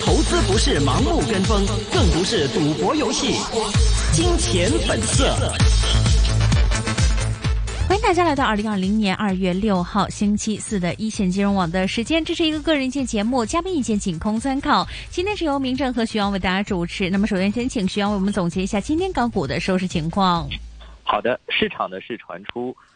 投資不是盲目跟風，更不是賭博遊戲。金錢本色。歡迎大家來到二零二零年二月六號星期四的一線金融網的時間。這是一個個人意見節目，嘉賓意見僅供參考。今天是由明正和徐陽為大家主持。那麼首先先請徐陽為我們總結一下今天港股的收市情況。好的，市場呢是傳出。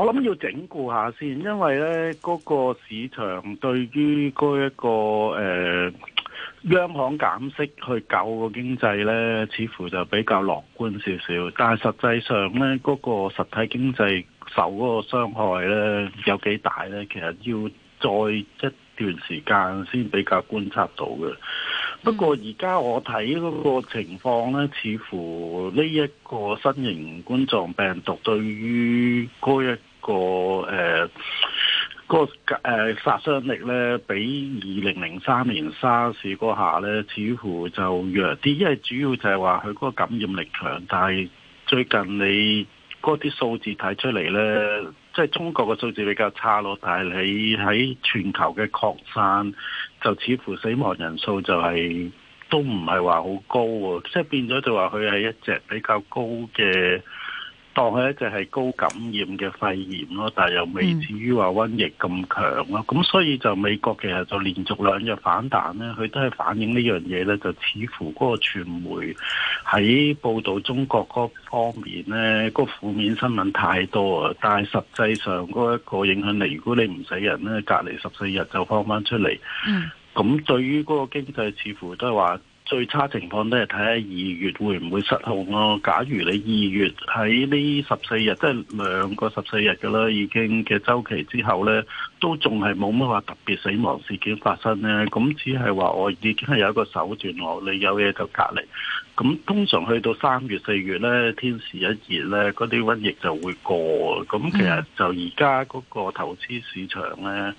我諗要整固下先，因為呢嗰、嗰個市場對於嗰一個誒、呃、央行減息去救個經濟呢，似乎就比較樂觀少少。但係實際上呢，嗰、嗰個實體經濟受嗰個傷害呢，有幾大呢？其實要再一段時間先比較觀察到嘅。不過而家我睇嗰個情況呢，似乎呢一個新型冠狀病毒對於一、嗰個嗰個誒、呃、嗰個誒、呃、殺傷力咧，比二零零三年沙士嗰下咧，似乎就弱啲。因為主要就係話佢嗰個感染力強，但係最近你嗰啲數字睇出嚟咧，即、就、係、係、中國嘅數字比較差咯。但係你喺全球嘅擴散，就似乎死亡人數就係、係、都唔係話好高喎。即係變咗就話佢係一隻比較高嘅。當佢一隻係高感染嘅肺炎咯，但係又未至於話瘟疫咁強咯，咁、嗯、所以就美國其實就連續兩日反彈咧，佢都係反映這件事呢樣嘢咧，就似乎嗰個傳媒喺報導中國嗰方面咧，個負面新聞太多啊！但係實際上嗰一個影響力，如果你唔死人咧，隔離十四日就放翻出嚟，咁、嗯、對於嗰個經濟，似乎都係話。最差情況都係睇下二月會唔會失控咯。假如你二月喺呢十四日，即係兩個十四日嘅啦，已經嘅周期之後呢，都仲係冇乜話特別死亡事件發生呢。咁只係話我已經係有一個手段，我你有嘢就隔離。咁通常去到三月四月咧，天時一熱咧，嗰啲瘟疫就會過。咁其實就而家嗰個投資市場咧，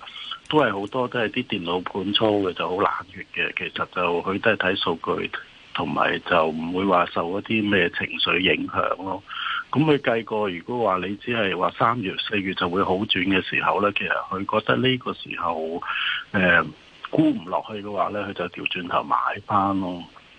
都係好多都係啲電腦盤操嘅，就好冷血嘅。其實就佢都係睇數據，同埋就唔會話受一啲咩情緒影響咯。咁佢計過，如果話你只係話三月四月就會好轉嘅時候咧，其實佢覺得呢個時候誒沽唔落去嘅話咧，佢就調轉頭買返咯。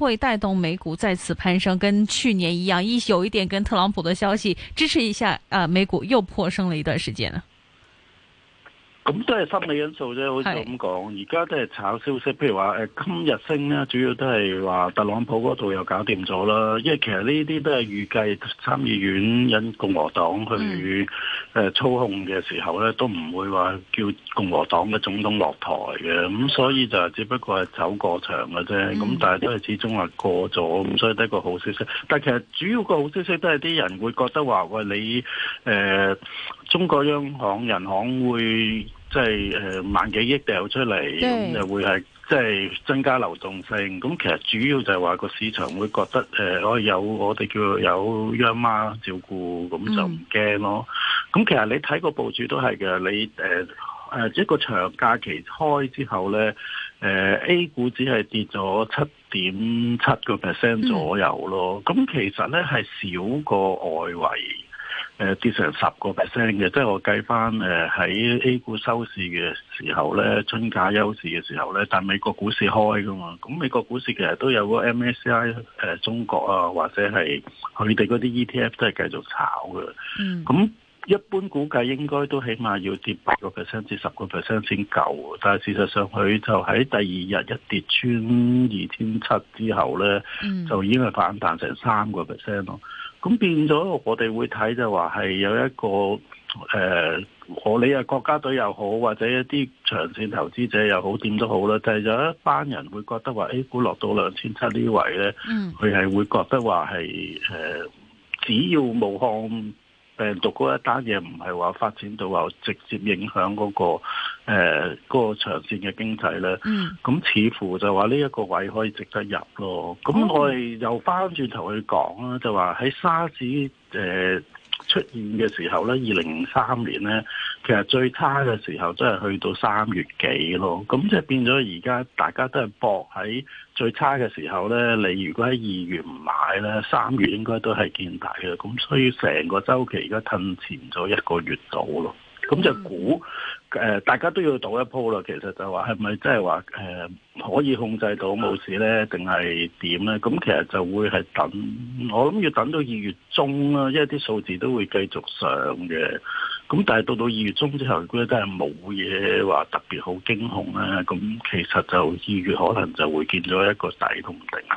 會帶動美股再次攀升，跟去年一樣，一有一點跟特朗普的消息支持一下啊、呃，美股又破升了一段時間呢。咁都係心理因素啫，好似咁講。而家是都係炒消息，譬如話誒，今日升咧，主要都係話特朗普嗰度又搞掂咗啦。因為其實呢啲都係預計參議院引共和黨去誒操控嘅時候咧，嗯、都唔會話叫共和黨嘅總統落台嘅。咁所以就只不過係走過場嘅啫。咁、嗯、但係都係始終話過咗，咁所以得個好消息。但其實主要個好消息都係啲人會覺得話喂，你誒。呃中國央行人行會即係、就是、萬幾億掉出嚟，咁的就會係即係增加流動性。咁其實主要就係話個市場會覺得誒、呃、有我哋叫有央媽照顧，咁就唔驚咯。咁、嗯、其實你睇個報紙都係嘅，你誒、呃、一個長假期開之後咧，誒、呃、A 股只係跌咗七點七個 percent 左右咯。咁、嗯、其實咧係少過外圍。誒，跌成十個 percent 嘅，即係、就是、我計翻誒喺 A 股收市嘅時候咧，春假休市嘅時候咧，但美國股市開噶嘛，咁美國股市其實都有個 MSCI 誒、呃、中國啊，或者係佢哋嗰啲 ETF 都係繼續炒嘅。嗯，咁一般估計應該都起碼要跌八個 percent 至十個 percent 先夠，但係事實上佢就喺第二日一跌穿二千七之後咧，mm. 就已經係反彈成三個 percent 咯。咁變咗，我哋會睇就話係有一個誒、呃，我你啊國家隊又好，或者一啲長線投資者又好，點都好啦，就係、是、有一班人會覺得話，A 股落到兩千七呢位咧，佢係、嗯、會覺得話係誒，只要武漢病毒嗰一單嘢唔係話發展到話直接影響嗰、那個。誒，呃那個長線嘅經濟咧，咁、嗯、似乎就話呢一個位可以值得入咯。咁我哋又翻轉頭去講啦，就話喺、嗯、沙士誒、呃、出現嘅時候咧，二零三年咧，其實最差嘅時候真係去到三月幾咯。咁即係變咗而家大家都係博喺最差嘅時候咧，你如果喺二月唔買咧，三月應該都係見底嘅。咁所以成個週期而家褪前咗一個月度咯。咁就估。嗯呃、大家都要賭一鋪啦。其實就話係咪真係話誒可以控制到冇事咧，定係點咧？咁其實就會係等，我諗要等到二月中啦，因為啲數字都會繼續上嘅。咁但係到到二月中之後，如果真係冇嘢話特別好驚恐咧，咁其實就二月可能就會見咗一個底都唔定。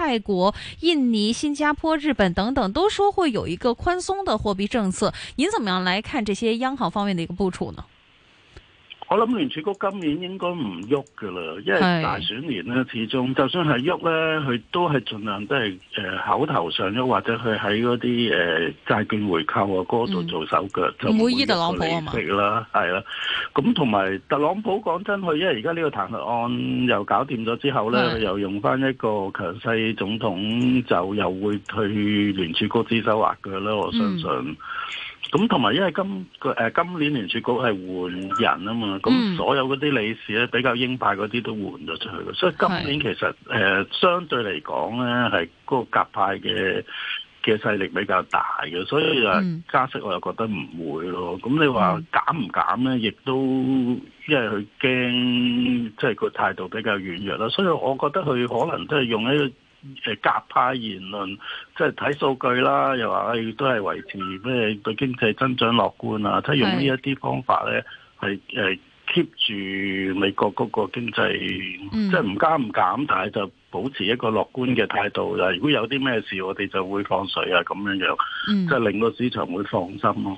泰國、印尼、新加坡、日本等等，都說會有一個寬鬆的貨幣政策。您怎麼樣來看這些央行方面的一個部署呢？我諗聯儲局今年應該唔喐噶啦，因為大選年咧，始終是就算係喐咧，佢都係盡量都係誒、呃、口頭上，或者佢喺嗰啲誒債券回購啊嗰度做手腳，唔、嗯、會依、嗯、特朗普啊嘛。啦係啦，咁同埋特朗普講真，佢因為而家呢個彈劾案又搞掂咗之後咧，佢、嗯、又用翻一個強勢總統，嗯、就又會去聯儲局指手畫腳啦，我相信。嗯咁同埋，嗯、因為今、呃、今年聯儲局係換人啊嘛，咁、嗯、所有嗰啲理事咧比較鷹派嗰啲都換咗出去，所以今年其實是、呃、相對嚟講咧，係嗰個鴿派嘅嘅勢力比較大嘅，所以、啊嗯、加息我又覺得唔會咯。咁你話減唔減咧？亦都因為佢驚，即、就、係、是、個態度比較軟弱啦，所以我覺得佢可能都係用一誒鴿派言論，即係睇數據啦，又話誒、哎、都係維持咩對經濟增長樂觀啊！即係用呢一啲方法咧，係誒的 keep 住美國嗰個經濟，即係唔加唔減，但係就保持一個樂觀嘅態度。嗱的，如果有啲咩事，我哋就會放水啊，咁樣樣，即係、嗯、令個市場會放心咯。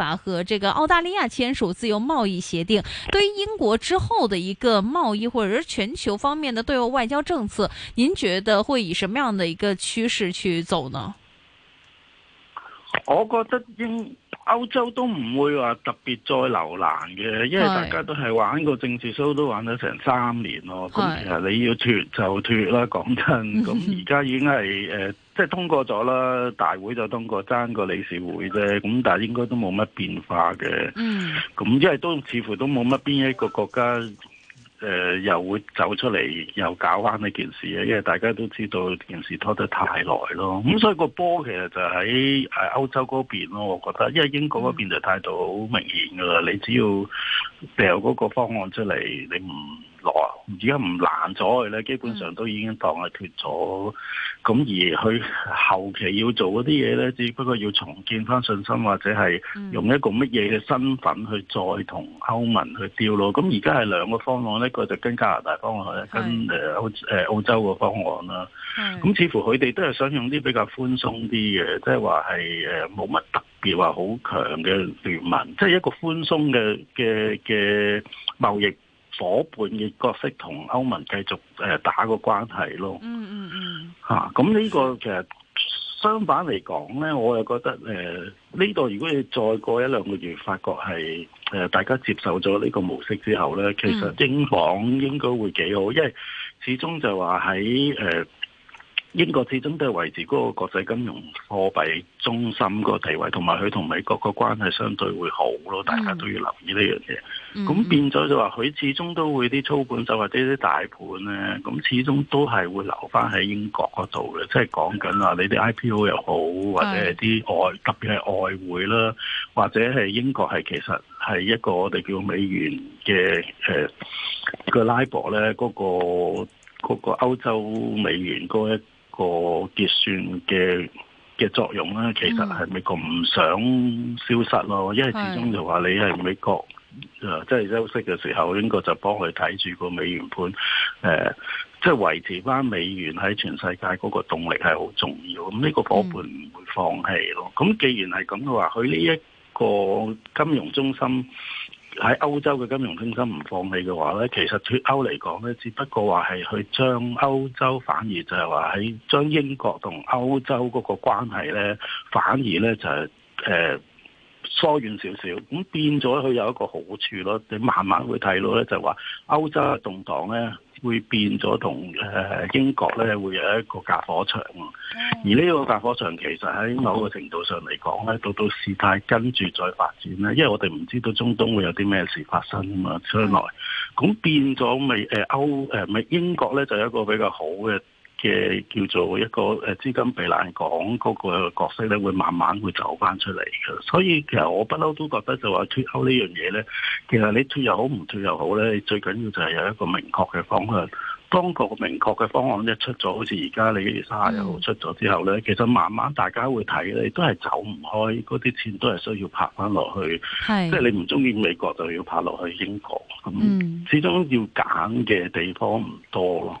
法和這個澳大利亞簽署自由貿易協定，對於英國之後的一個貿易或者是全球方面的對外外交政策，您覺得會以什麼樣的一個趨勢去走呢？我覺得應。歐洲都唔會話特別再留難嘅，因為大家都係玩個政治 show，都玩咗成三年咯。咁的其實你要脱就脱啦，講真。咁而家已經係、呃、即係通過咗啦，大會就通過爭個理事會啫。咁但係應該都冇乜變化嘅。咁的因為都似乎都冇乜邊一個國家。誒、呃、又會走出嚟，又搞翻呢件事嘅，因為大家都知道件事拖得太耐咯，咁所以個波其實就喺誒歐洲嗰邊咯，我覺得，因為英國嗰邊就態度好明顯噶啦，你只要掉嗰個方案出嚟，你唔。來，而家唔難咗佢咧，基本上都已經當係脫咗。咁、嗯、而佢後期要做嗰啲嘢咧，只不過要重建翻信心，或者係用一個乜嘢嘅身份去再同歐盟去調咯。咁而家係兩個方案咧，嗯、一個就跟加拿大方案是跟誒澳、呃、澳洲嘅方案啦。咁是似乎佢哋都係想用啲比較寬鬆啲嘅，即係話係冇乜特別話好強嘅聯盟，即、就、係、是、一個寬鬆嘅嘅嘅貿易，伙伴嘅角色同歐盟繼續誒打個關係咯。嗯嗯嗯。嚇、啊，咁呢個其實相反嚟講咧，我又覺得誒呢度如果你再過一兩個月，發覺係誒、呃、大家接受咗呢個模式之後咧，其實英鎊應該會幾好，因為始終就話喺誒。呃英國始終都係維持嗰個國際金融貨幣中心嗰個地位，同埋佢同美國個關係相對會好咯。大家都要留意呢樣嘢。咁、嗯嗯、變咗就話，佢始終都會啲操盤手或者啲大盤咧，咁始終都係會留翻喺英國嗰度嘅。即係講緊話，你哋 IPO 又好，或者係啲外特別係外匯啦，或者係英國係其實係一個我哋叫美元嘅、呃那個拉博咧，嗰個嗰個歐洲美元嗰一。個結算嘅嘅作用咧，其實係美國唔想消失咯，嗯、因為始終就話你係美國誒，即係的、呃就是、休息嘅時候，應該就幫佢睇住個美元盤，誒、呃，即係維持翻美元喺全世界嗰個動力係好重要。咁呢個伙伴唔會放棄咯。咁、嗯、既然係咁嘅話，佢呢一個金融中心。喺歐洲嘅金融中心唔放棄嘅話呢，其實脫歐嚟講呢，只不過話係去將歐洲反而就係話喺將英國同歐洲嗰個關係咧，反而呢就係、是、誒、呃、疏遠少少，咁變咗佢有一個好處咯。你慢慢會睇到呢就話、是、歐洲嘅動盪呢。會變咗同誒英國咧會有一個隔火牆。而呢個隔火牆，其實喺某個程度上嚟講咧，到到事態跟住再發展咧，因為我哋唔知道中東會有啲咩事發生啊嘛，將來咁變咗咪誒歐誒咪英國咧就有一個比較好嘅。嘅叫做一個誒資金避難港嗰個角色咧，會慢慢會走翻出嚟嘅。所以其實我不嬲都覺得就話脱歐呢樣嘢咧，其實你脱又好，唔脱又好咧，最緊要就係有一個明確嘅方向。當個明確嘅方案一出咗，好似而家你一月三十一號出咗之後咧，mm. 其實慢慢大家會睇咧，你都係走唔開，嗰啲錢都係需要拍翻落去。Mm. 即係你唔中意美國就要拍落去英國。嗯，始終要揀嘅地方唔多咯。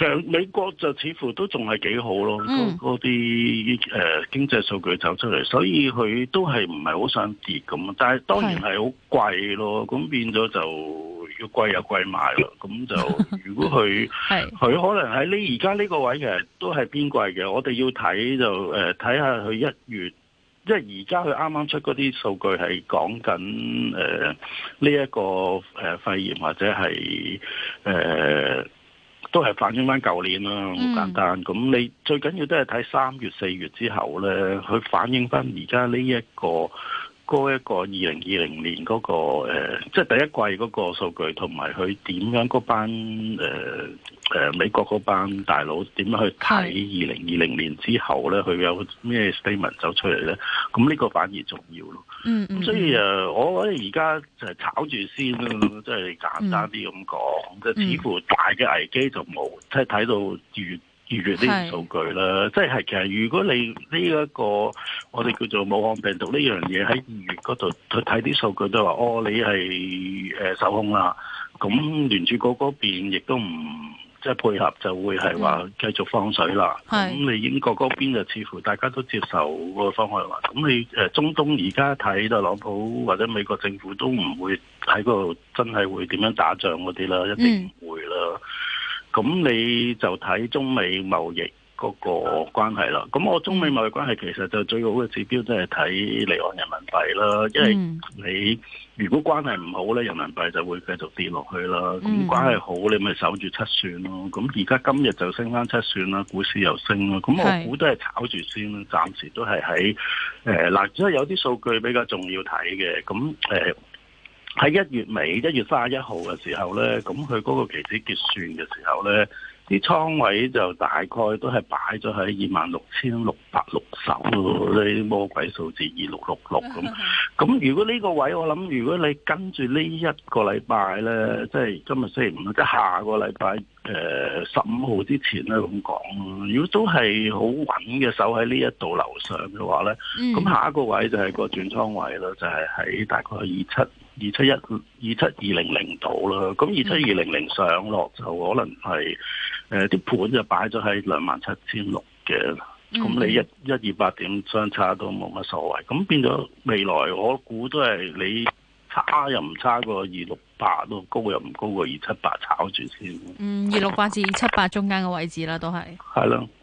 其實美國就似乎都仲係幾好咯，嗰啲誒經濟數據走出嚟，所以佢都係唔係好想跌咁，但係當然係好貴咯，咁變咗就要貴又貴買啦，咁就如果佢佢 可能喺呢而家呢個位嘅都係邊貴嘅，我哋要睇就誒睇下佢一月，即係而家佢啱啱出嗰啲數據係講緊誒呢一個誒、呃、肺炎或者係誒。呃都係反映翻舊年啦，好簡單。咁你最緊要都係睇三月四月之後咧，去反映翻而家呢一個。高一個二零二零年嗰、那個、呃、即係第一季嗰個數據，同埋佢點樣嗰班誒誒、呃、美國嗰班大佬點樣去睇二零二零年之後咧，佢有咩 statement 走出嚟咧？咁呢個反而重要咯。嗯、mm，hmm. 所以誒、啊，我覺得而家就係炒住先啦，即、就、係、是、簡單啲咁講，即似、mm hmm. 乎大嘅危機就冇，即係睇到月。二月啲數據啦，是即係其實如果你呢、這、一個我哋叫做武漢病毒呢樣嘢喺二月嗰度睇啲數據都話，哦，你係誒受控啦。咁聯儲局嗰邊亦都唔即係配合，就會係話繼續放水啦。咁、嗯、你英國嗰邊就似乎大家都接受那個方案啦，咁你誒、呃、中東而家睇到特朗普或者美國政府都唔會喺嗰度真係會點樣打仗嗰啲啦，嗯、一定唔會啦。咁你就睇中美貿易嗰個關係啦。咁我中美貿易關係其實就最好嘅指標，都係睇離岸人民幣啦。因為你如果關係唔好咧，人民幣就會繼續跌落去啦。咁關係好，你咪守住七算咯。咁而家今日就升翻七算啦，股市又升啦。咁我估都係炒住先啦，暫時都係喺誒，嗱、呃，即係有啲數據比較重要睇嘅。咁、呃、誒。喺一月尾，一月三十一號嘅時候咧，咁佢嗰個期指結算嘅時候咧，啲倉位就大概都係擺咗喺二萬六千六百六十呢啲魔鬼數字二六六六咁。咁如果呢個位我諗，如果你跟住呢一個禮拜咧，即係今日星期五，即係下個禮拜誒十五號之前咧咁講，如果都係好穩嘅，守喺呢一度樓上嘅話咧，咁下一個位就係個轉倉位咯，就係喺大概二七。二七一、二七二零零度啦，咁二七二零零上落就可能係，誒、呃、啲盤就擺咗喺兩萬七千六嘅，咁你一一二八點相差都冇乜所謂，咁變咗未來我估都係你差又唔差過二六八咯，高又唔高過二七八炒住先。嗯，二六八至二七八中間嘅位置啦，都係。係咯。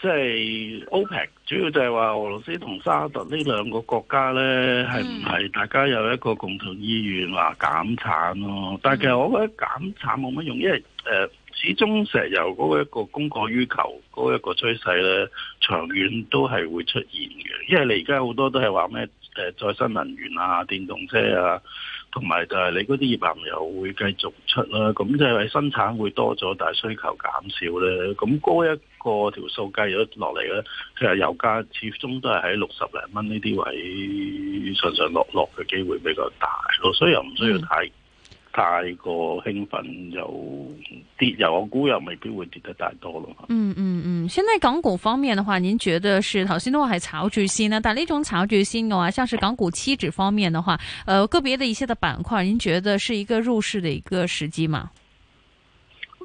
即係 OPEC，主要就係話俄羅斯同沙特呢兩個國家呢，係唔係大家有一個共同意願話減產咯？但係其實我覺得減產冇乜用，因為始終石油嗰個一個供過於求嗰一個趨勢呢，長遠都係會出現嘅。因為你而家好多都係話咩再生能源啊、電動車啊，同埋就係你嗰啲液化石油會繼續出啦、啊，咁就係話生產會多咗，但係需求減少呢。咁嗰一個個條數計咗落嚟咧，其實油價始終都係喺六十零蚊呢啲位上上落落嘅機會比較大，所以又唔需要太太過興奮，又跌又我估又未必會跌得太多咯、嗯。嗯嗯嗯，現在港股方面的話，您覺得是頭先，都話係炒住先呢？但係呢種炒住先嘅話，像是港股期指方面嘅話，呃，個別的一些的板塊，您覺得是一個入市嘅一個時機嗎？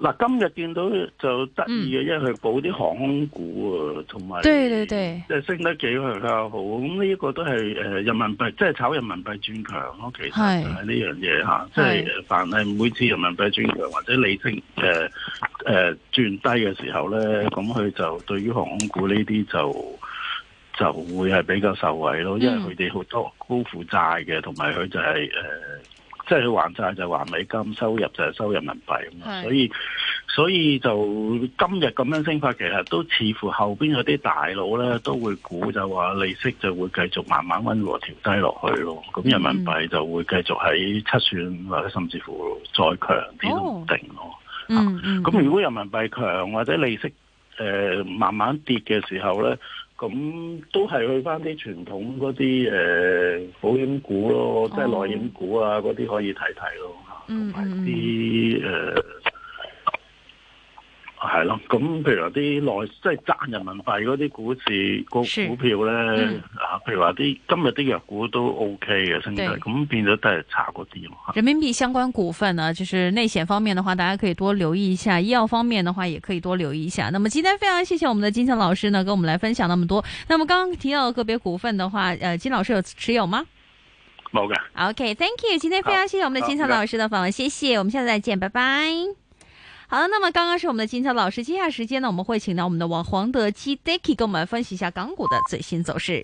嗱，今日見到就得意嘅，因為佢補啲航空股啊，同埋即係升得幾去較好。咁呢個個都係誒人民幣，即係炒人民幣轉強咯。其實係呢樣嘢嚇，即係凡係每次人民幣轉強或者利息誒誒轉低嘅時候咧，咁佢就對於航空股呢啲就就會係比較受惠咯，因為佢哋好多高負債嘅，同埋佢就係誒。呃即係佢還債就係還美金，收入就係收人民幣咁是，所以所以就今日咁樣升法，其實都似乎後邊嗰啲大佬咧都會估就話利息就會繼續慢慢溫和調低落去咯，咁人民幣就會繼續喺七算或者甚至乎再強啲都唔定咯。咁如果人民幣強或者利息、呃、慢慢跌嘅時候咧。咁都係去翻啲傳統嗰啲誒保險股咯，即係內險股啊嗰啲，oh. 可以睇睇咯，同埋啲誒。係咯，咁譬如話啲內即係賺人民幣嗰啲股市是股票呢，啊、嗯，譬如話啲今日啲藥股都 O K 嘅，所以咁變咗都係差過啲人民幣相關股份呢，就是內險方面的話，大家可以多留意一下；醫藥方面的話，也可以多留意一下。那麼今天非常謝謝我們的金曹老師呢，跟我們來分享那麼多。那麼剛剛提到的個別股份的話、呃，金老師有持有嗎？冇嘅。OK，thank、okay, you。今天非常謝謝我們的金曹老師的訪問，謝謝，謝謝，我們下次再見，拜拜。好，那麼剛剛是我們的金曹老師。接下來時間呢，我們會請到我們的王黃德基 Dicky，跟我們來分析一下港股的最新走勢。